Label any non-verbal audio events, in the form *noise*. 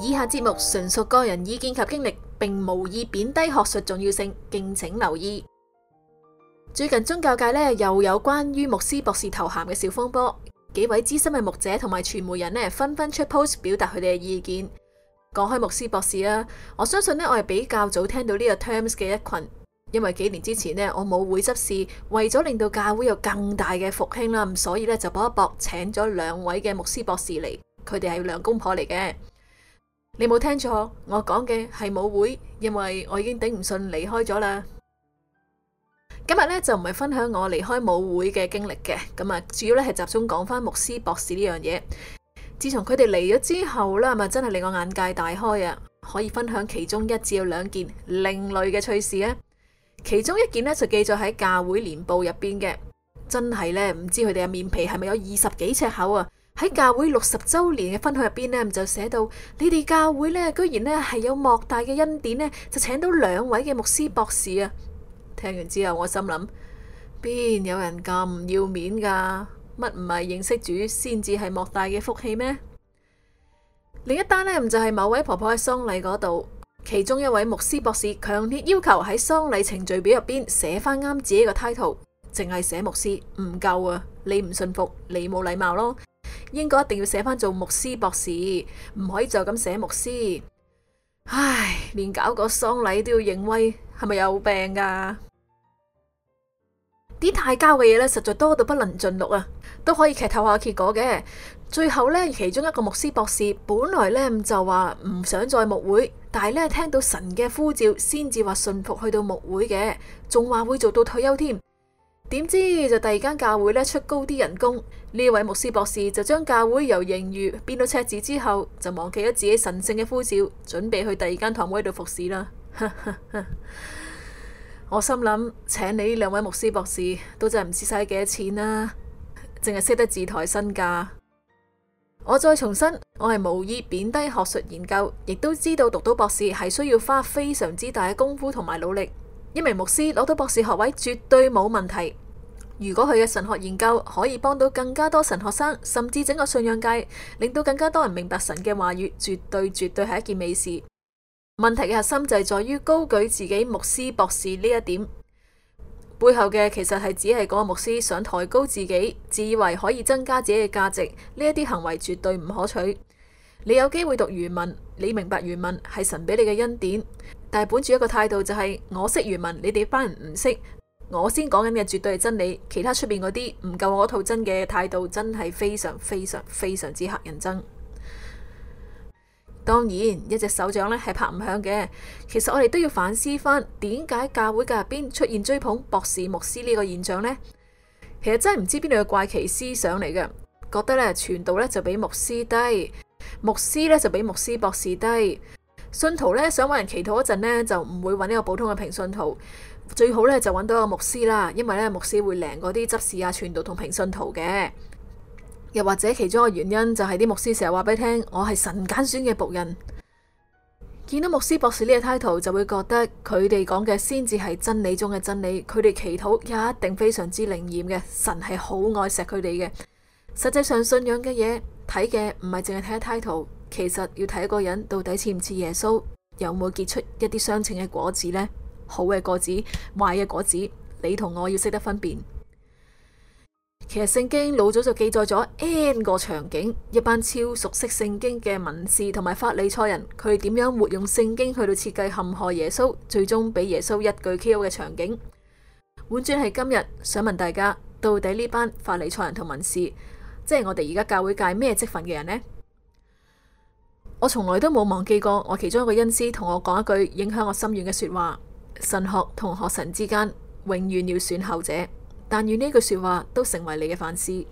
以下節目純屬個人意見及經歷，並無意貶低學術重要性，敬請留意。最近宗教界呢又有關於牧師博士頭銜嘅小風波，幾位資深嘅牧者同埋傳媒人呢紛紛出 post 表達佢哋嘅意見。講開牧師博士啊，我相信呢，我係比較早聽到呢個 terms 嘅一群。因為幾年之前呢，我母會執事，為咗令到教會有更大嘅復興啦，所以咧就搏一搏，請咗兩位嘅牧師博士嚟，佢哋係兩公婆嚟嘅。你冇聽錯，我講嘅係母會，因為我已經頂唔順離開咗啦。今日咧就唔係分享我離開母會嘅經歷嘅，咁啊主要咧係集中講翻牧師博士呢樣嘢。自從佢哋嚟咗之後啦，係咪真係令我眼界大開啊！可以分享其中一至兩件另類嘅趣事啊。其中一件呢，就記載喺教會年報入邊嘅，真係呢，唔知佢哋嘅面皮係咪有二十幾尺厚啊！喺教會六十週年嘅分享入邊呢，就寫到你哋教會呢，居然呢係有莫大嘅恩典呢，就請到兩位嘅牧師博士啊！聽完之後，我心諗邊有人咁唔要面噶？乜唔係認識主先至係莫大嘅福氣咩？另一單呢，唔就係某位婆婆喺喪禮嗰度。其中一位牧師博士強烈要求喺喪禮程序表入邊寫返啱自己嘅 title，淨係寫牧師唔夠啊！你唔信服，你冇禮貌咯。英國一定要寫返做牧師博士，唔可以就咁寫牧師。唉，連搞個喪禮都要認威，係咪有病噶啊？啲太交嘅嘢咧，實在多到不能盡錄啊！都可以劇透下結果嘅。最後咧，其中一個牧師博士本來咧就話唔想再牧會，但係咧聽到神嘅呼召，先至話順服去到牧會嘅，仲話會做到退休添。點知就第二間教會咧出高啲人工，呢位牧師博士就將教會由盈餘變到赤字之後，就忘記咗自己神聖嘅呼召，準備去第二間堂會度服侍啦。 *laughs* 我心諗，請你呢兩位牧師博士，都真係唔知使幾多錢啦，啊，淨係識得自抬身價。我再重申，我係無意貶低學術研究，亦都知道讀到博士係需要花非常之大嘅功夫同埋努力。一名牧師攞到博士學位絕對冇問題。如果佢嘅神學研究可以幫到更加多神學生，甚至整個信仰界，令到更加多人明白神嘅話語，絕對絕對係一件美事。問題嘅核心就係在於高舉自己牧師博士呢一點，背後嘅其實係只係嗰個牧師想抬高自己，自以為可以增加自己嘅價值。呢一啲行為絕對唔可取。你有機會讀原文，你明白原文係神俾你嘅恩典，但係本住一個態度就係、是、我識原文，你哋班人唔識，我先講緊嘅絕對係真理，其他出邊嗰啲唔夠我套真嘅態度，真係非常非常非常之乞人憎。當然，一隻手掌咧係拍唔響嘅。其實我哋都要反思翻，點解教會界入邊出現追捧博士牧師呢個現象呢？其實真係唔知邊度有怪奇思想嚟嘅，覺得咧傳道咧就比牧師低，牧師咧就比牧師博士低。信徒咧想揾人祈禱嗰陣咧，就唔會揾呢個普通嘅平信徒，最好咧就揾到一個牧師啦，因為咧牧師會靈嗰啲執事啊、傳道同平信徒嘅。又或者其中嘅原因就係啲牧師成日話俾你聽，我係神揀選嘅僕人，見到牧師博士呢個 title，就會覺得佢哋講嘅先至係真理中嘅真理，佢哋祈禱一定非常之靈驗嘅，神係好愛錫佢哋嘅。實際上信仰嘅嘢睇嘅唔係淨係睇 title，其實要睇一個人到底似唔似耶穌，有冇結出一啲相稱嘅果子呢？好嘅果子，壞嘅果子，你同我要識得分辨。其實聖經老早就記載咗 N 個場景，一班超熟悉聖經嘅文士同埋法利賽人，佢點樣活用聖經去到設計陷害耶穌，最終俾耶穌一句 KO 嘅場景。換轉係今日，想問大家，到底呢班法利賽人同文士，即係我哋而家教會界咩職份嘅人呢？我從來都冇忘記過，我其中一個恩師同我講一句影響我深遠嘅說話：神學同學神之間，永遠要選後者。但願呢句說話都成為你嘅反思。